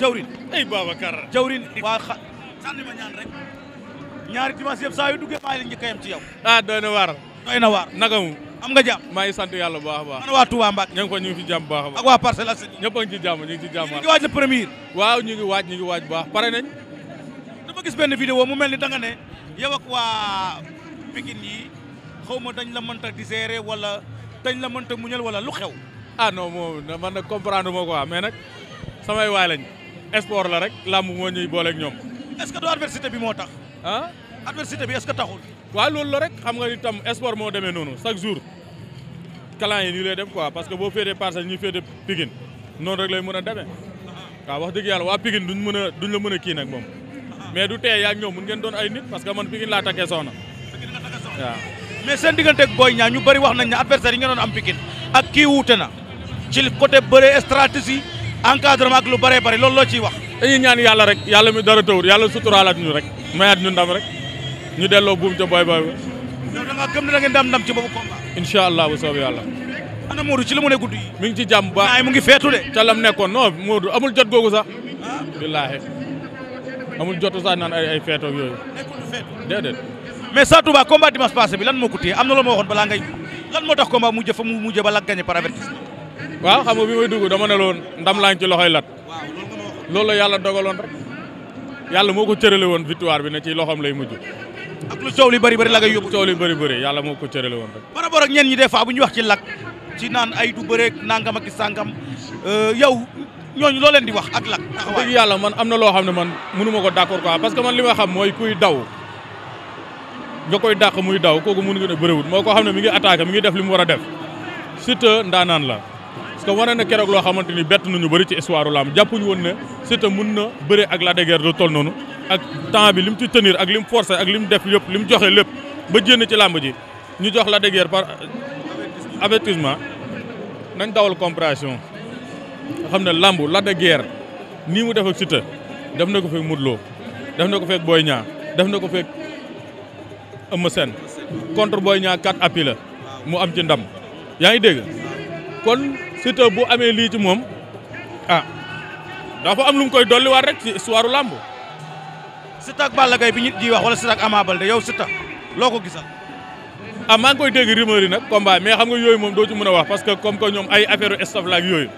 jawrin ay eh, babacar jawrin waa sànni ma ñaan rek ñaari dimanche yëpp saa yu duggee maa ngi njëkk ci yow ah doy na waar doy na waar naka mu am nga jàmm maa ngi sant yàlla bu baax a baax ana waa Touba Mbacke ñu ngi fa ñu ngi jam. jàmm bu baax baax ak waa Parcelles Assainies ñëpp ngi ci jàmm ñu ci jàmm ñu ngi waaj premier waaw ñu ngi waaj ñu ngi waaj bu baax pare nañ dama gis benn vidéo mu mel ni da nga ne yow ak waa Pikine yi xaw ma dañ la mënta digérer wala dañ la mënta muñal wala lu xew ah non mo, man nag comprendre moo ko mais nag samay waay lañ sport la rek làmb moo ñuy booleeg ñoom. est-ce que du adversité bi moo tax. ah adversité bi est-ce que taxul. loolu la rek xam nga itam sport moo demee noonu chaque jour clan yi nii lay def quoi parce que boo féetee que ñu féetee Pikine noonu rek lay mën a demee waaw wax dëgg yàlla waa Pikine duñ mën a duñ la mën a kii nag moom mais du tee yaa ñoom mun ngeen doon ay nit parce que man Pikine laa takkee soxna. waaw mais seen diggante ak Boy Niang ñu bëri wax nañ ne adversaire yi nga doon am Pikine ak kii wuute na ci côté bëre stratégie. encadrement ak lu bëree bëri loolu loo ciy wax. dañuy ñaan yàlla rek yàlla mi dara tawul yàlla suturaalaat ñu rek mayaat ñu ndam rek ñu delloo buum ca boy boy. yow da ngaa da ngeen di ci boobu incha allah bu soobee yàlla. ana Modou ci la mu ne guddi yi. mi ci jàmm bu baax mu ngi feetu de. ca lam nekkoon non Modou amul jot googu sax. Ah. billaahi amul jotu sax naan ay ay feetoo ak yooyu. déedéet. mais Sa Touba combat dimanche passé bi lan moo ko téye am na loo ma waxoon balaa ngay lan moo tax combat mu mujj ba la gagné par avertissement waaw xam nga bi may dugg dama ne loon ndam laa ci loxoy lat loolu la yàlla dogaloon rek yàlla moo ko cërale woon victoire bi ne ci loxoom lay mujj ak lu coow li bëri bëri la ngay yóbbu coow li bëri bëri yàlla moo ko cërale woon rek par rapport ak ñenn ñi des fois bu ñu wax ci lak ci naan ay du bëreeg nangam ak sàngam euh, yow ñooñu loo leen di wax ak dëgg yàlla man am na loo xam ne man mënu ma ko d'accord quoi parce que man li ma xam mooy kuy daw nga koy dàq muy daw kooku mënu ngi ne bëriwut moo xam ne mi ngi attaqué mi ngi def li mu parce que na keroog loo xamante ni bett nañu bëri ci histoire lamb jàppuñu woon ne Siteu mun na bëre ak Lac de Guiers toll noonu ak temps bi li mu ci tenir ak li mu forcé ak li mu def yëpp li mu joxe lépp ba jénn ci làmb ji ñu jox Lac de Guiers par avertissement nañ dawal compréhension xam ne làmb Lac de Guiers nii mu def ak Siteu def na ko fekk Modou def na ko fekk Boy Niang def na ko fekk Eumeu Sène contre Boy Niang 4 appui la mu am ci ndam yaa ngi dégg kon Siteu bu amee lii ci moom ah dafa am lu mu koy dolliwaat rek ci histoire làmb. Siteu ak Balla Gaye bi nit di wax wala Siteu ak Ama Baldé yow Siteu loo ko gisal. ah maa ngi koy dégg rumeur nag combat mais xam nga yooyu moom doo ci mën a wax parce que comme que ñoom ay affaire u staff la yooyu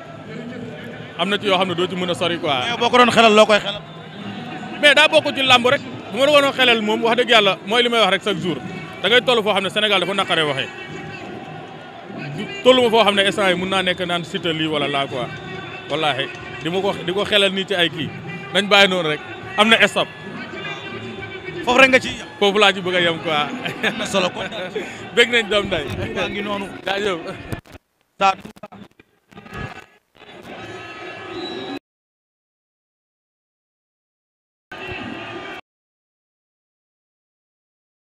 am na ci yoo xam ne doo ci mën a sori quoi. mais boo ko doon xelal loo koy xelal. mais daa bokk ci làmb rek bu ma la ko doon xelal moom wax dëgg yàlla mooy li may wax rek chaque jour da ngay toll foo xam ne Sénégal dafa naqaree waxee. tollu ma foo xam ne instant yi mun naa nekk naan Siteu lii wala laa quoi wallaahi di ma ko di ko xelal nii ci ay kii nañ bàyyi noonu rek am na stop. foofu rek nga ci foofu laa ci bëgg a yem quoi. solo ko bëgg nañ doom day. maa ngi noonu. jaajëf.